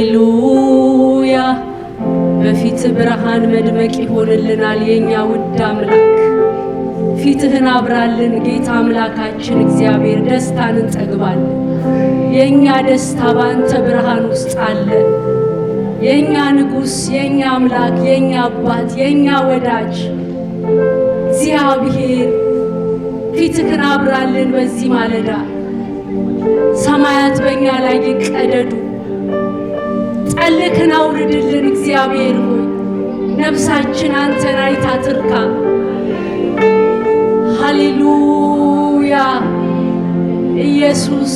ሃሌሉያ በፊት ብርሃን መድመቅ ይሆንልናል የእኛ ውድ አምላክ ፊትህን አብራልን ጌታ አምላካችን እግዚአብሔር ደስታን እንጠግባለን። የእኛ ደስታ በአንተ ብርሃን ውስጥ አለ። የእኛ ንጉሥ፣ የእኛ አምላክ፣ የእኛ አባት፣ የእኛ ወዳጅ እግዚአብሔር ፊትህን አብራልን። በዚህ ማለዳ ሰማያት በእኛ ላይ ይቀደዱ ያለህን አውርድልን እግዚአብሔር ሆይ ነፍሳችን አንተን አይታ ትርካ። ሃሌሉያ ኢየሱስ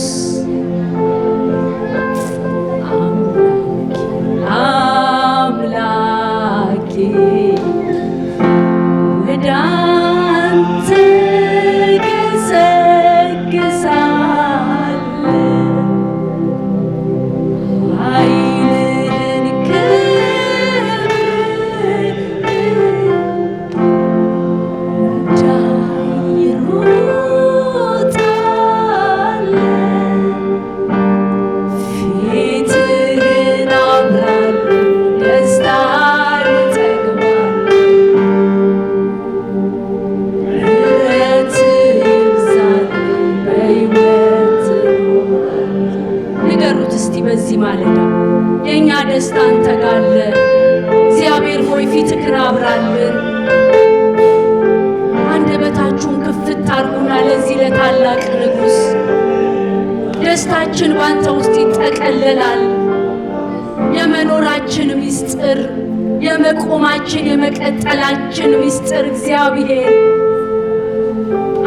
የመቆማችን የመቀጠላችን ምስጢር እግዚአብሔር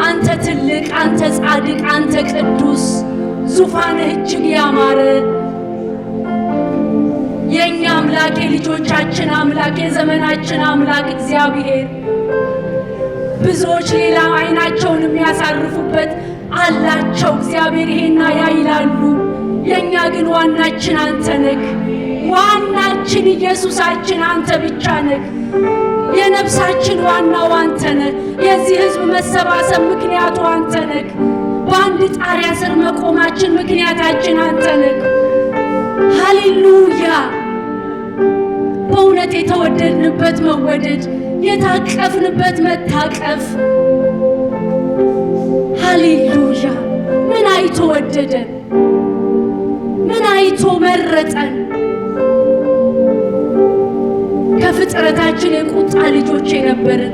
አንተ ትልቅ፣ አንተ ጻድቅ፣ አንተ ቅዱስ ዙፋንህ እጅግ ያማረ የእኛ አምላክ የልጆቻችን አምላክ የዘመናችን አምላክ እግዚአብሔር ብዙዎች ሌላ አይናቸውን የሚያሳርፉበት አላቸው። እግዚአብሔር ይሄና ያ ይላሉ። የእኛ ግን ዋናችን አንተ ነህ። ዋናችን ኢየሱሳችን አንተ ብቻ ነህ። የነፍሳችን ዋናው አንተ ነህ። የዚህ ሕዝብ መሰባሰብ ምክንያቱ አንተ ነህ። በአንድ ጣሪያ ስር መቆማችን ምክንያታችን አንተ ነህ። ሃሌሉያ! በእውነት የተወደድንበት መወደድ፣ የታቀፍንበት መታቀፍ። ሃሌሉያ! ምን አይቶ ወደደን? ምን አይቶ መረጠን? በፍጥረታችን የቁጣ ልጆች የነበርን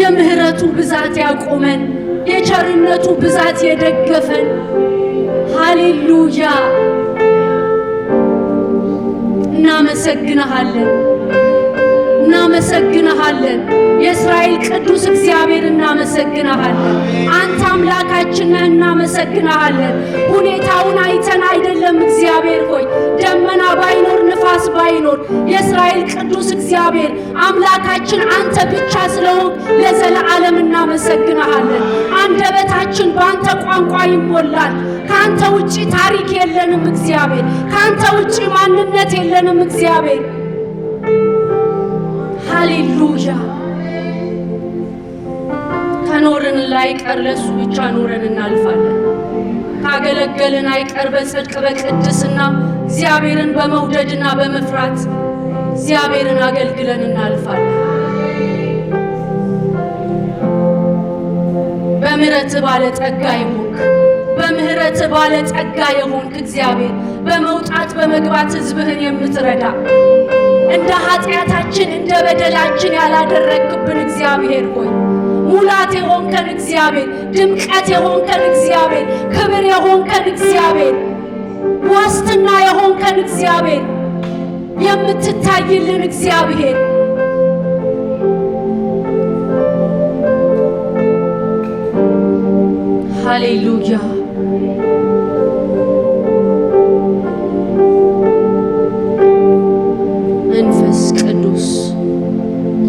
የምህረቱ ብዛት ያቆመን የቸርነቱ ብዛት የደገፈን ሃሌሉያ እናመሰግንሃለን። እናመሰግንሃለን። የእስራኤል ቅዱስ እግዚአብሔር እናመሰግንሃለን። አንተ አምላካችን ነህ፣ እናመሰግንሃለን። ሁኔታውን አይተን አይደለም እግዚአብሔር ሆይ ደመና ባይኖር ንፋስ ባይኖር የእስራኤል ቅዱስ እግዚአብሔር አምላካችን አንተ ብቻ ስለሆን ለዘለዓለም እናመሰግንሃለን። አንደበታችን በአንተ ቋንቋ ይሞላል። ከአንተ ውጪ ታሪክ የለንም እግዚአብሔር። ከአንተ ውጪ ማንነት የለንም እግዚአብሔር። ሃሌሉያ ከኖርን ላይቀር ለእሱ ብቻ ኖረን እናልፋለን። ካገለገልን አይቀር በጽድቅ በቅድስና እግዚአብሔርን በመውደድና በመፍራት እግዚአብሔርን አገልግለን እናልፋለን። በምሕረት ባለጸጋ የሆንክ በምሕረት ባለጸጋ የሆንክ እግዚአብሔር በመውጣት በመግባት ሕዝብህን የምትረዳ እንደ ኃጢአታችን እንደ በደላችን ያላደረግብን እግዚአብሔር ሆይ ሙላት የሆንከን እግዚአብሔር፣ ድምቀት የሆንከን እግዚአብሔር፣ ክብር የሆንከን እግዚአብሔር፣ ዋስትና የሆንከን እግዚአብሔር፣ የምትታይልን እግዚአብሔር ሃሌሉያ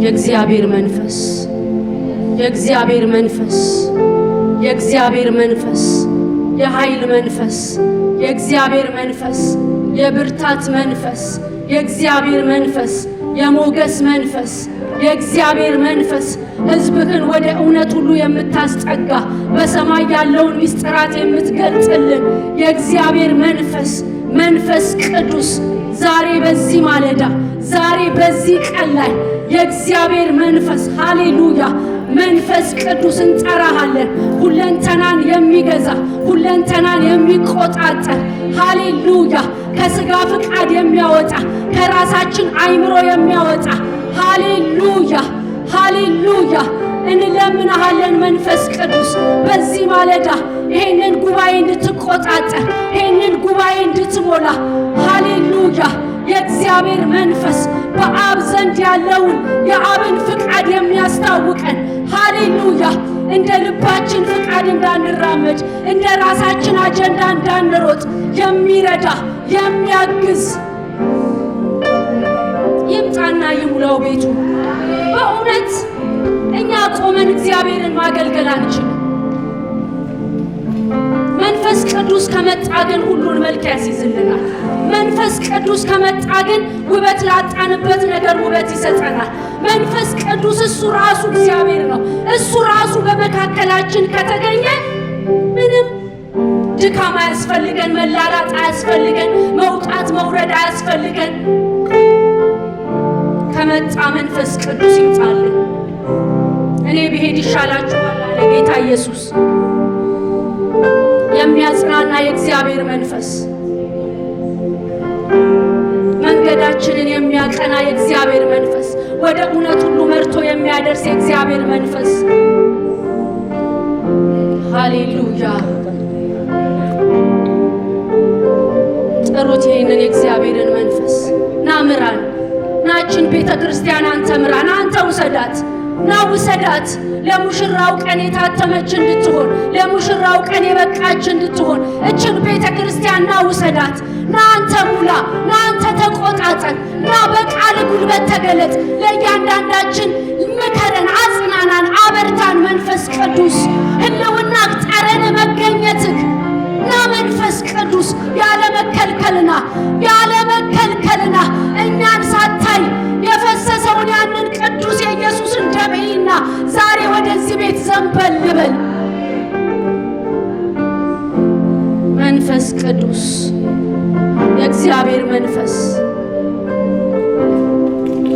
የእግዚአብሔር መንፈስ የእግዚአብሔር መንፈስ የእግዚአብሔር መንፈስ የኃይል መንፈስ የእግዚአብሔር መንፈስ የብርታት መንፈስ የእግዚአብሔር መንፈስ የሞገስ መንፈስ የእግዚአብሔር መንፈስ ሕዝብህን ወደ እውነት ሁሉ የምታስጠጋ በሰማይ ያለውን ምስጢራት የምትገልጽልን የእግዚአብሔር መንፈስ መንፈስ ቅዱስ ዛሬ በዚህ ማለዳ ዛሬ በዚህ ቀን ላይ የእግዚአብሔር መንፈስ ሃሌሉያ መንፈስ ቅዱስ እንጠራሃለን። ሁለንተናን የሚገዛ ሁለንተናን የሚቆጣጠር ሃሌሉያ ከስጋ ፍቃድ የሚያወጣ ከራሳችን አይምሮ የሚያወጣ ሃሌሉያ ሃሌሉያ እንለምናሃለን መንፈስ ቅዱስ በዚህ ማለዳ ይሄንን ጉባኤ እንድትቆጣጠር ይሄንን ጉባኤ እንድትሞላ ሃሌሉያ የእግዚአብሔር መንፈስ በአብ ዘንድ ያለውን የአብን ፍቃድ የሚያስታውቀን ሃሌሉያ። እንደ ልባችን ፍቃድ እንዳንራመድ፣ እንደ ራሳችን አጀንዳ እንዳንሮጥ የሚረዳ የሚያግዝ ይምጣና ይሙላው ቤቱ። በእውነት እኛ ቆመን እግዚአብሔርን ማገልገል አንችል መንፈስ ቅዱስ ከመጣ ግን ሁሉን መልክ ያስይዝልናል። መንፈስ ቅዱስ ከመጣ ግን ውበት ላጣንበት ነገር ውበት ይሰጠናል። መንፈስ ቅዱስ እሱ ራሱ እግዚአብሔር ነው። እሱ ራሱ በመካከላችን ከተገኘ ምንም ድካም አያስፈልገን፣ መላላጥ አያስፈልገን፣ መውጣት መውረድ አያስፈልገን። ከመጣ መንፈስ ቅዱስ ይምጣልን። እኔ ብሄድ ይሻላችኋል አለ ጌታ ኢየሱስ። የሚያጽናና የእግዚአብሔር መንፈስ መንገዳችንን የሚያቀና የእግዚአብሔር መንፈስ ወደ እውነት ሁሉ መርቶ የሚያደርስ የእግዚአብሔር መንፈስ ሃሌሉያ። ጥሩት ይህንን የእግዚአብሔርን መንፈስ ናምራን ናችን ቤተ ክርስቲያን አንተ ምራን፣ አንተ ውሰዳት። ና ውሰዳት፣ ለሙሽራው ቀን የታተመች እንድትሆን፣ ለሙሽራው ቀን የበቃች እንድትሆን እችን ቤተ ክርስቲያን ና ውሰዳት። ና አንተ ሙላ፣ ና አንተ ተቆጣጠር፣ ና በቃል ጉልበት ተገለጥ። ለእያንዳንዳችን ምከረን፣ አጽናናን፣ አበርታን። መንፈስ ቅዱስ ህልውናህ፣ ጠረን መገኘትህ ና መንፈስ ቅዱስ ያለ መከልከልና ያለ መከልከልና እኛን ሳታይ የፈሰሰውን ያንን ቅዱስ በይና ዛሬ ወደዚህ ቤት ዘንበል በል። መንፈስ ቅዱስ የእግዚአብሔር መንፈስ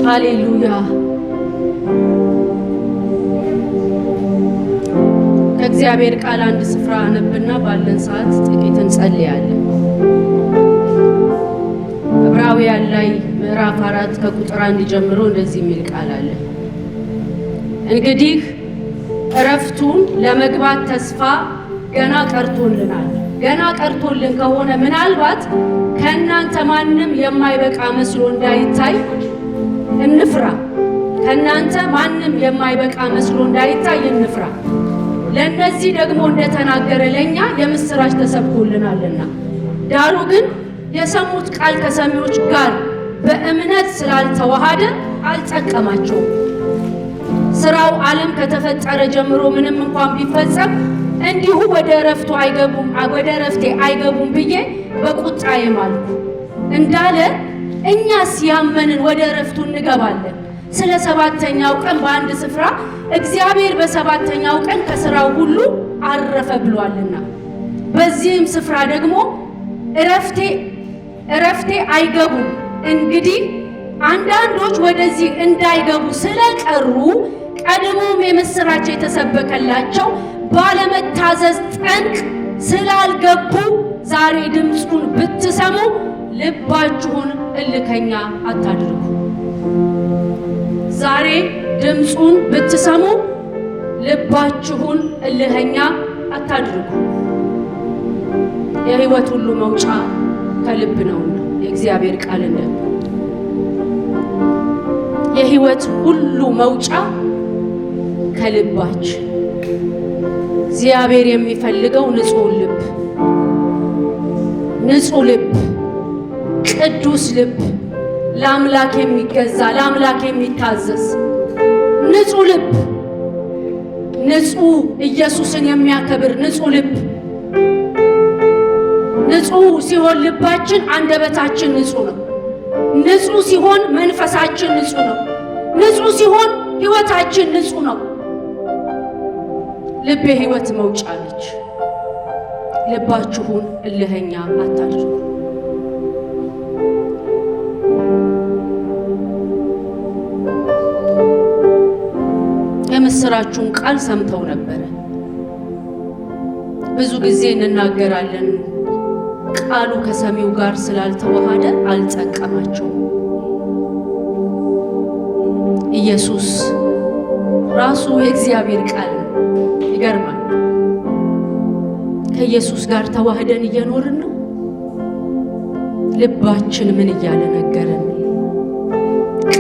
ሃሌሉያ። ከእግዚአብሔር ቃል አንድ ስፍራ አነብና ባለን ሰዓት ጥቂት እንጸልያለን። ዕብራውያን ላይ ምዕራፍ አራት ከቁጥር አንድ ጀምሮ እንደዚህ የሚል ቃል አለን። እንግዲህ እረፍቱን ለመግባት ተስፋ ገና ቀርቶልናል። ገና ቀርቶልን ከሆነ ምናልባት ከእናንተ ማንም የማይበቃ መስሎ እንዳይታይ እንፍራ። ከእናንተ ማንም የማይበቃ መስሎ እንዳይታይ እንፍራ። ለእነዚህ ደግሞ እንደተናገረ ለእኛ የምስራች ተሰብኮልናልና፣ ዳሩ ግን የሰሙት ቃል ከሰሚዎች ጋር በእምነት ስላልተዋሃደ አልጠቀማቸውም። ስራው ዓለም ከተፈጠረ ጀምሮ ምንም እንኳን ቢፈጸም እንዲሁ ወደ እረፍቱ አይገቡም ወደ እረፍቴ አይገቡም ብዬ በቁጣ የማልኩ እንዳለ እኛስ ያመንን ወደ እረፍቱ እንገባለን። ስለ ሰባተኛው ቀን በአንድ ስፍራ እግዚአብሔር በሰባተኛው ቀን ከስራው ሁሉ አረፈ ብሏልና በዚህም ስፍራ ደግሞ እረፍቴ እረፍቴ አይገቡም። እንግዲህ አንዳንዶች ወደዚህ እንዳይገቡ ስለቀሩ ቀድሞም የምስራቸው የተሰበከላቸው ባለመታዘዝ ጠንቅ ስላልገቡ ዛሬ ድምፁን ብትሰሙ ልባችሁን እልከኛ አታድርጉ። ዛሬ ድምፁን ብትሰሙ ልባችሁን እልከኛ አታድርጉ። የህይወት ሁሉ መውጫ ከልብ ነውና የእግዚአብሔር ቃል እንደ የህይወት ሁሉ መውጫ ከልባች እግዚአብሔር የሚፈልገው ንጹህ ልብ፣ ንጹህ ልብ፣ ቅዱስ ልብ፣ ለአምላክ የሚገዛ ለአምላክ የሚታዘዝ ንጹህ ልብ፣ ንጹህ ኢየሱስን የሚያከብር ንጹህ ልብ። ንጹህ ሲሆን ልባችን አንደበታችን ንጹህ ነው። ንጹህ ሲሆን መንፈሳችን ንጹህ ነው። ንጹህ ሲሆን ህይወታችን ንጹህ ነው። ልብ የህይወት መውጫ ነች። ልባችሁን እልህኛ አታድርጉ። የምስራችሁን ቃል ሰምተው ነበረ። ብዙ ጊዜ እንናገራለን። ቃሉ ከሰሚው ጋር ስላልተዋሃደ አልጠቀማቸውም። ኢየሱስ ራሱ የእግዚአብሔር ቃል ይገርማል። ከኢየሱስ ጋር ተዋህደን እየኖርን ነው። ልባችን ምን እያለ ነገረን?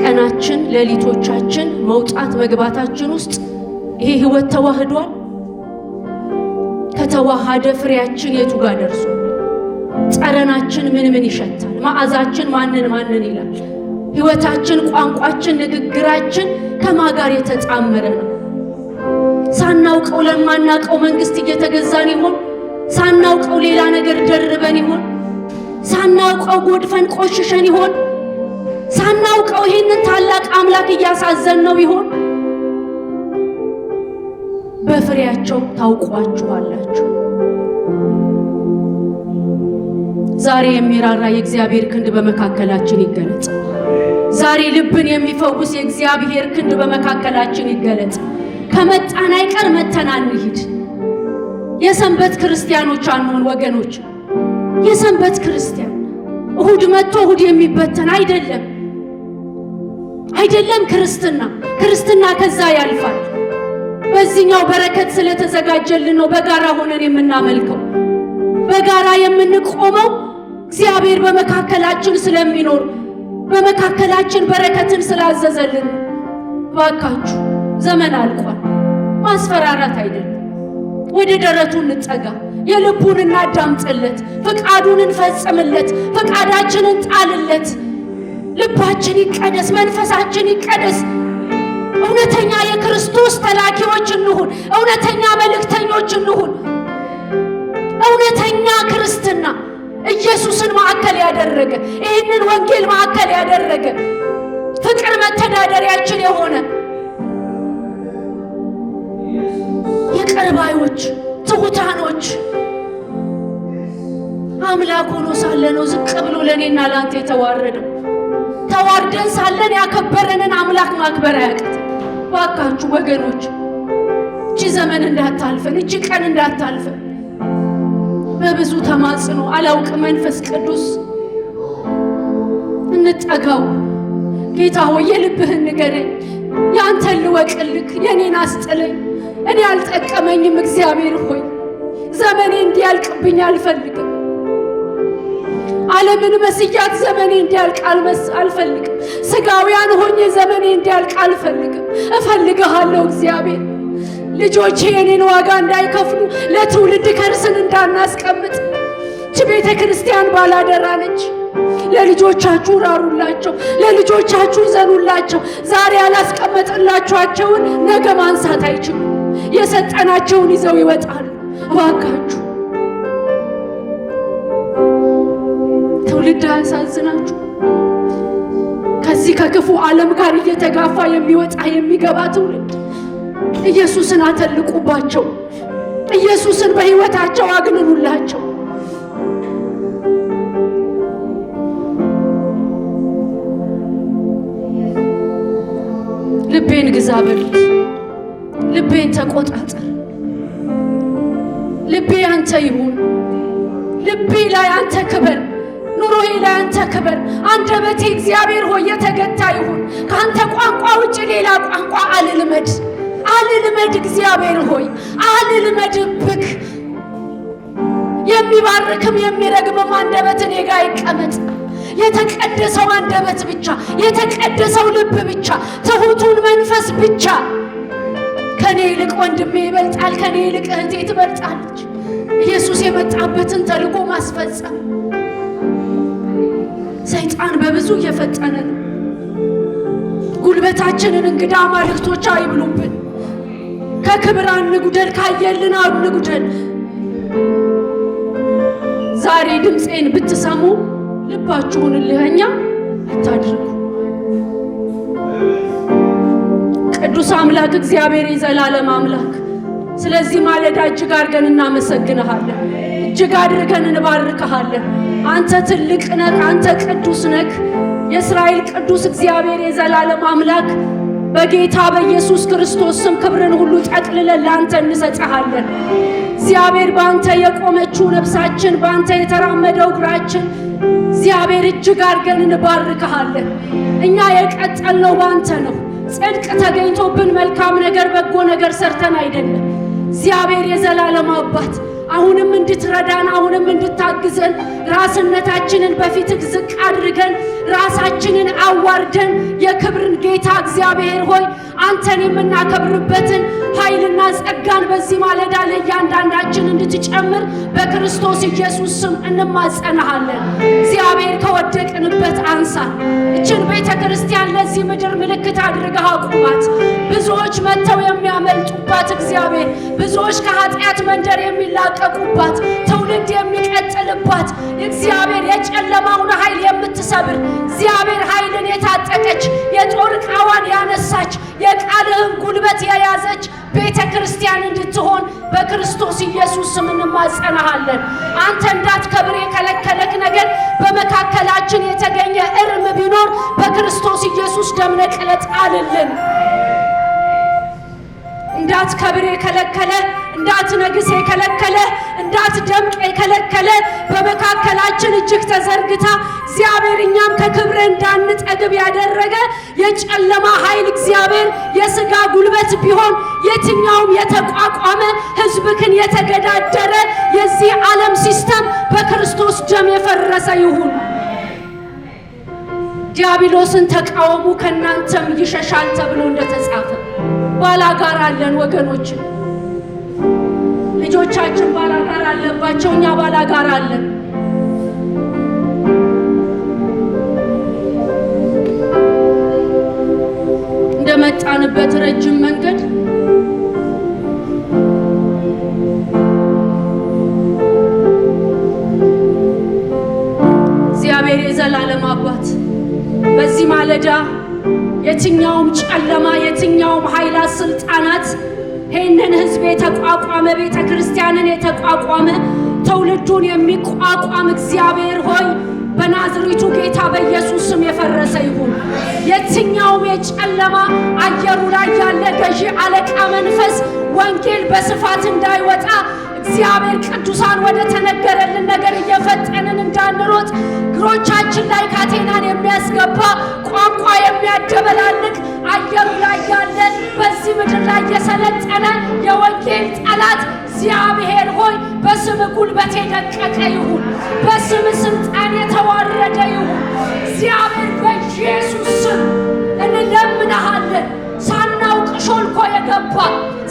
ቀናችን፣ ሌሊቶቻችን፣ መውጣት መግባታችን ውስጥ ይሄ ህይወት ተዋህዷል? ከተዋሃደ ፍሬያችን የቱ ጋር ደርሶ? ጠረናችን ምን ምን ይሸታል? መዓዛችን ማንን ማንን ይላል? ህይወታችን፣ ቋንቋችን፣ ንግግራችን ከማ ጋር የተጣመረ ነው? ሳናውቀው ለማናቀው መንግስት እየተገዛን ይሆን? ሳናውቀው ሌላ ነገር ደርበን ይሆን? ሳናውቀው ጎድፈን ቆሽሸን ይሆን? ሳናውቀው ይህንን ታላቅ አምላክ እያሳዘን ነው ይሆን? በፍሬያቸው ታውቋችኋላችሁ። ዛሬ የሚራራ የእግዚአብሔር ክንድ በመካከላችን ይገለጽ። ዛሬ ልብን የሚፈውስ የእግዚአብሔር ክንድ በመካከላችን ይገለጽ። ከመጣን አይቀር መተን አንሂድ። የሰንበት ክርስቲያኖች አንሆን ወገኖች። የሰንበት ክርስቲያን እሁድ መጥቶ እሁድ የሚበተን አይደለም፣ አይደለም ክርስትና። ክርስትና ከዛ ያልፋል። በዚህኛው በረከት ስለተዘጋጀልን ነው በጋራ ሆነን የምናመልከው በጋራ የምንቆመው እግዚአብሔር በመካከላችን ስለሚኖር በመካከላችን በረከትን ስላዘዘልን ባካችሁ ዘመን አልቋል። ማስፈራራት አይደለም። ወደ ደረቱ እንጠጋ፣ የልቡን እናዳምጥለት፣ ፍቃዱን እንፈጽምለት፣ ፍቃዳችንን ጣልለት። ልባችን ይቀደስ፣ መንፈሳችን ይቀደስ። እውነተኛ የክርስቶስ ተላኪዎች እንሁን፣ እውነተኛ መልእክተኞች እንሁን። እውነተኛ ክርስትና ኢየሱስን ማዕከል ያደረገ ይህንን ወንጌል ማዕከል ያደረገ ፍቅር መተዳደሪያችን የሆነ ይቅርባዮች፣ ትሁታኖች አምላክ ሆኖ ሳለ ነው ዝቅ ብሎ ለእኔና ለአንተ የተዋረደው። ተዋርደን ሳለን ያከበረንን አምላክ ማክበር አያቀት። ባካችሁ ወገኖች፣ እቺ ዘመን እንዳታልፈን፣ እቺ ቀን እንዳታልፈን በብዙ ተማጽኖ አላውቅ መንፈስ ቅዱስ እንጠጋው። ጌታ ሆይ የልብህን ንገረኝ፣ ያንተን ልወቅልክ፣ የኔን አስጥለኝ። እኔ አልጠቀመኝም። እግዚአብሔር ሆይ ዘመኔ እንዲያልቅብኝ አልፈልግም። ዓለምን መስያት ዘመኔ እንዲያልቅ አልፈልግም። ስጋውያን ሆኜ ዘመኔ እንዲያልቅ አልፈልግም። እፈልግሃለሁ እግዚአብሔር። ልጆቼ የኔን ዋጋ እንዳይከፍሉ ለትውልድ ከርስን እንዳናስቀምጥ። ች ቤተ ክርስቲያን ባላደራ ነች። ለልጆቻችሁ ራሩላቸው፣ ለልጆቻችሁ ዘኑላቸው። ዛሬ ያላስቀመጥላችኋቸውን ነገ ማንሳት አይችሉም። የሰጠናቸውን ይዘው ይወጣሉ። እባካችሁ ትውልድ አያሳዝናችሁ? ከዚህ ከክፉ ዓለም ጋር እየተጋፋ የሚወጣ የሚገባ ትውልድ ኢየሱስን አተልቁባቸው። ኢየሱስን በሕይወታቸው አግንኑላቸው። ልቤን ግዛ በሉት። ልቤን ተቆጣጠር። ልቤ አንተ ይሁን። ልቤ ላይ አንተ ክበር፣ ኑሮዬ ላይ አንተ ክበር። አንደበቴ እግዚአብሔር ሆይ የተገታ ይሁን። ከአንተ ቋንቋ ውጭ ሌላ ቋንቋ አልልመድ አልልመድ። እግዚአብሔር ሆይ አልልመድብክ። የሚባርክም የሚረግምም አንደበት እኔ ይቀመጥ። የተቀደሰው አንደበት ብቻ፣ የተቀደሰው ልብ ብቻ፣ ትሑቱን መንፈስ ብቻ ከኔ ይልቅ ወንድሜ ይበልጣል፣ ከኔ ይልቅ እህቴ ትበልጣለች። ኢየሱስ የመጣበትን ተልቆ ማስፈጸም። ሰይጣን በብዙ እየፈጠነ ነው። ጉልበታችንን እንግዳ አማልክቶች አይብሉብን። ከክብር አንጉደል፣ ካየልን አንጉደል። ዛሬ ድምፄን ብትሰሙ ልባችሁን እልኸኛ አታድርጉ። ቅዱስ አምላክ እግዚአብሔር የዘላለም አምላክ፣ ስለዚህ ማለዳ እጅግ አድርገን እናመሰግንሃለን፣ እጅግ አድርገን እንባርክሃለን። አንተ ትልቅ ነህ፣ አንተ ቅዱስ ነህ። የእስራኤል ቅዱስ እግዚአብሔር የዘላለም አምላክ በጌታ በኢየሱስ ክርስቶስ ስም ክብርን ሁሉ ጠቅልለን ለአንተ እንሰጥሃለን። እግዚአብሔር በአንተ የቆመችው ነፍሳችን፣ በአንተ የተራመደው እግራችን እግዚአብሔር እጅግ አድርገን እንባርክሃለን። እኛ የቀጠልነው በአንተ ነው። ጽድቅ ተገኝቶብን መልካም ነገር በጎ ነገር ሰርተን አይደለም። እግዚአብሔር የዘላለም አባት አሁንም እንድትረዳን አሁንም እንድታግዘን ራስነታችንን በፊትህ ዝቅ አድርገን ራሳችንን አዋርደን የክብርን ጌታ እግዚአብሔር ሆይ አንተን የምናከብርበትን ኃይልና ጸጋን በዚህ ማለዳ ለእያንዳንዳችን እንድትጨምር በክርስቶስ ኢየሱስ ስም እንማጸናሃለን። እግዚአብሔር ከወደቅንበት አንሳ። እችን ቤተ ክርስቲያን ለዚህ ምድር ምልክት አድርገህ አቁማት። ብዙዎች መጥተው የሚያመልጡባት እግዚአብሔር ብዙዎች ከኃጢአት መንደር የሚላቀ የሚላቀቁባት ትውልድ የሚቀጥልባት እግዚአብሔር የጨለማውን ኃይል የምትሰብር እግዚአብሔር ኃይልን የታጠቀች የጦር ዕቃዋን ያነሳች የቃልህን ጉልበት የያዘች ቤተ ክርስቲያን እንድትሆን በክርስቶስ ኢየሱስ ስም እንማጸናሃለን። አንተ እንዳትከብር የከለከለክ ነገር በመካከላችን የተገኘ እርም ቢኖር በክርስቶስ ኢየሱስ ደምነቅለት አልልን። እንዳትከብር የከለከለ እንዳትነግስ የከለከለ እንዳትደምቅ የከለከለ በመካከላችን እጅግ ተዘርግታ እግዚአብሔር እኛም ከክብር እንዳንጠግብ ያደረገ የጨለማ ኃይል እግዚአብሔር የስጋ ጉልበት ቢሆን የትኛውም የተቋቋመ ህዝብክን የተገዳደረ የዚህ ዓለም ሲስተም በክርስቶስ ደም የፈረሰ ይሁን። ዲያብሎስን ተቃወሙ ከእናንተም ይሸሻል ተብሎ እንደተጻፈ ባላጋራ አለን ወገኖች። ልጆቻችን ባላጋራ አለባቸው፣ እኛ ባላጋራ አለን። እንደመጣንበት ረጅም መንገድ እግዚአብሔር የዘላለም አባት በዚህ ማለዳ የትኛውም ጨለማ፣ የትኛውም ኃይላ ስልጣናት ይህንን ህዝብ የተቋቋመ ቤተ ክርስቲያንን የተቋቋመ ትውልዱን የሚቋቋም እግዚአብሔር ሆይ በናዝሬቱ ጌታ በኢየሱስም ስም የፈረሰ ይሁን። የትኛውም የጨለማ አየሩ ላይ ያለ ገዢ አለቃ መንፈስ ወንጌል በስፋት እንዳይወጣ እግዚአብሔር ቅዱሳን ወደ ተነገረልን ነገር እየፈጠንን እንዳንሮጥ እግሮቻችን ላይ ካቴናን የሚያስገባ ቋንቋ የሚያደበላልቅ አየሩ ላይ ያለ በዚህ ምድር ላይ የሰለጠነ የወንጌል ጠላት እግዚአብሔር ሆይ በስም ጉልበት የደቀቀ ይሁን፣ በስም ስልጣን የተዋረደ ይሁን። እግዚአብሔር በኢየሱስ ስም እንለምንሃለን። ሾልኮ የገባ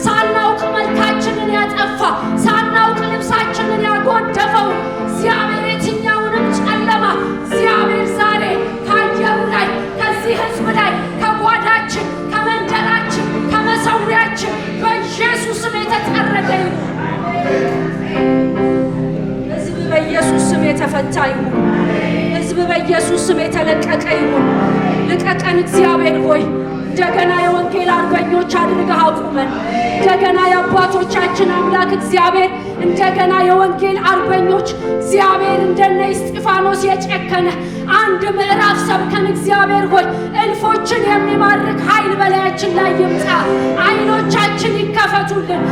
ሳናውቅ መልካችንን ያጠፋ ሳናውቅ ልብሳችንን ያጎደፈው እግዚአብሔር የትኛውንም ጨለማ እግዚአብሔር ዛሬ ከአየሩ ላይ ከዚህ ሕዝብ ላይ ከጓዳችን፣ ከመንደራችን፣ ከመሰዊያችን በኢየሱስም የተጠረገ ይሁን። ሕዝብ በኢየሱስ ስም የተፈታ ይሁን። ሕዝብ በኢየሱስ ስም የተለቀቀ ይሁን። ልቀቀን እግዚአብሔር ሆይ እንደገና የወንጌል አርበኞች አድርገህ አቁመን። እንደገና የአባቶቻችን አምላክ እግዚአብሔር እንደገና የወንጌል አርበኞች እግዚአብሔር እንደነ እስጢፋኖስ የጨከነ አንድ ምዕራፍ ሰብከን እግዚአብሔር ሆይ እልፎችን የሚማርክ ኃይል በላያችን ላይ ይምጣ። ዓይኖቻችን ይከፈቱልን።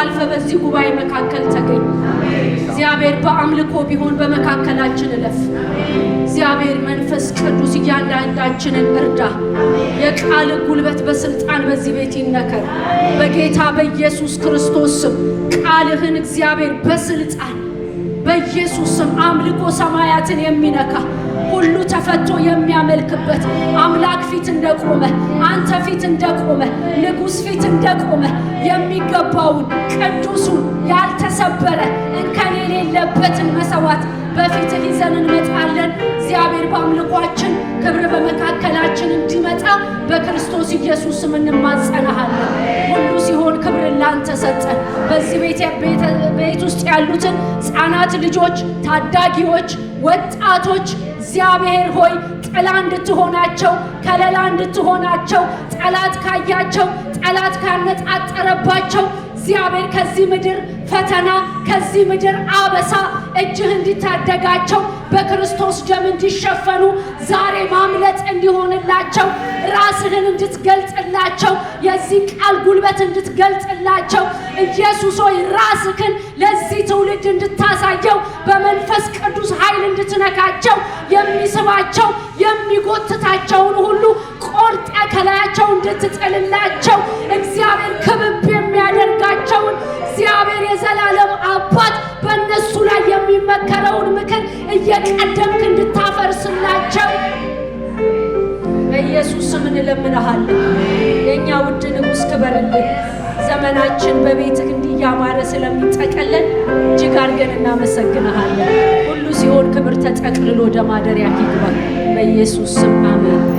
አልፈ በዚህ ጉባኤ መካከል ተገኝ። እግዚአብሔር በአምልኮ ቢሆን በመካከላችን እለፍ። እግዚአብሔር መንፈስ ቅዱስ እያንዳንዳችንን እርዳ። የቃል ጉልበት በስልጣን በዚህ ቤት ይነከር። በጌታ በኢየሱስ ክርስቶስ ስም ቃልህን እግዚአብሔር በስልጣን በኢየሱስ ስም አምልኮ ሰማያትን የሚነካ ሁሉ ተፈቶ የሚያመልክበት አምላክ ፊት እንደቆመ አንተ ፊት እንደቆመ ንጉሥ ፊት እንደቆመ የሚገባውን ቅዱሱን ያልተሰበረ እንከን የሌለበትን መሰዋት በፊት ይዘን እንመጣለን። እግዚአብሔር በአምልኳችን ክብር በመካከላችን እንዲመጣ በክርስቶስ ኢየሱስ ስም እንማጸናሃለን። ሁሉ ሲሆን ክብር ላንተ ሰጠን። በዚህ ቤት ውስጥ ያሉትን ሕፃናት ልጆች፣ ታዳጊዎች፣ ወጣቶች እግዚአብሔር ሆይ ጥላ እንድትሆናቸው ከለላ እንድትሆናቸው ጠላት ካያቸው ጠላት ካነጣጠረባቸው እግዚአብሔር ከዚህ ምድር ፈተና ከዚህ ምድር አበሳ እጅህ እንዲታደጋቸው በክርስቶስ ደም እንዲሸፈኑ ዛሬ ማምለጥ እንዲሆንላቸው ራስህን እንድትገልጥላቸው የዚህ ቃል ጉልበት እንድትገልጥላቸው ኢየሱስ ሆይ ራስህን ለዚህ ትውልድ እንድታሳየው በመንፈስ ቅዱስ ኃይል እንድትነካቸው የሚስባቸው የሚጎትታቸውን ሁሉ ቆርጠ ከላያቸው እንድትጥልላቸው እግዚአብሔር ክብብ የሚያደርጋቸውን እግዚአብሔር የዘላለም አባት በእነሱ ላይ የሚመከረውን ምክር እየቀደምክ እንድታፈርስላቸው በኢየሱስ ስም እንለምንሃለን። የእኛ ውድ ንጉሥ ክበርልን። ዘመናችን በቤትህ እንዲያማረ ያማረ ስለሚጠቀለን እጅግ አድርገን እናመሰግንሃለን። ሁሉ ሲሆን ክብር ተጠቅልሎ ወደ ማደሪያ ይግባል። በኢየሱስ ስም አሜን።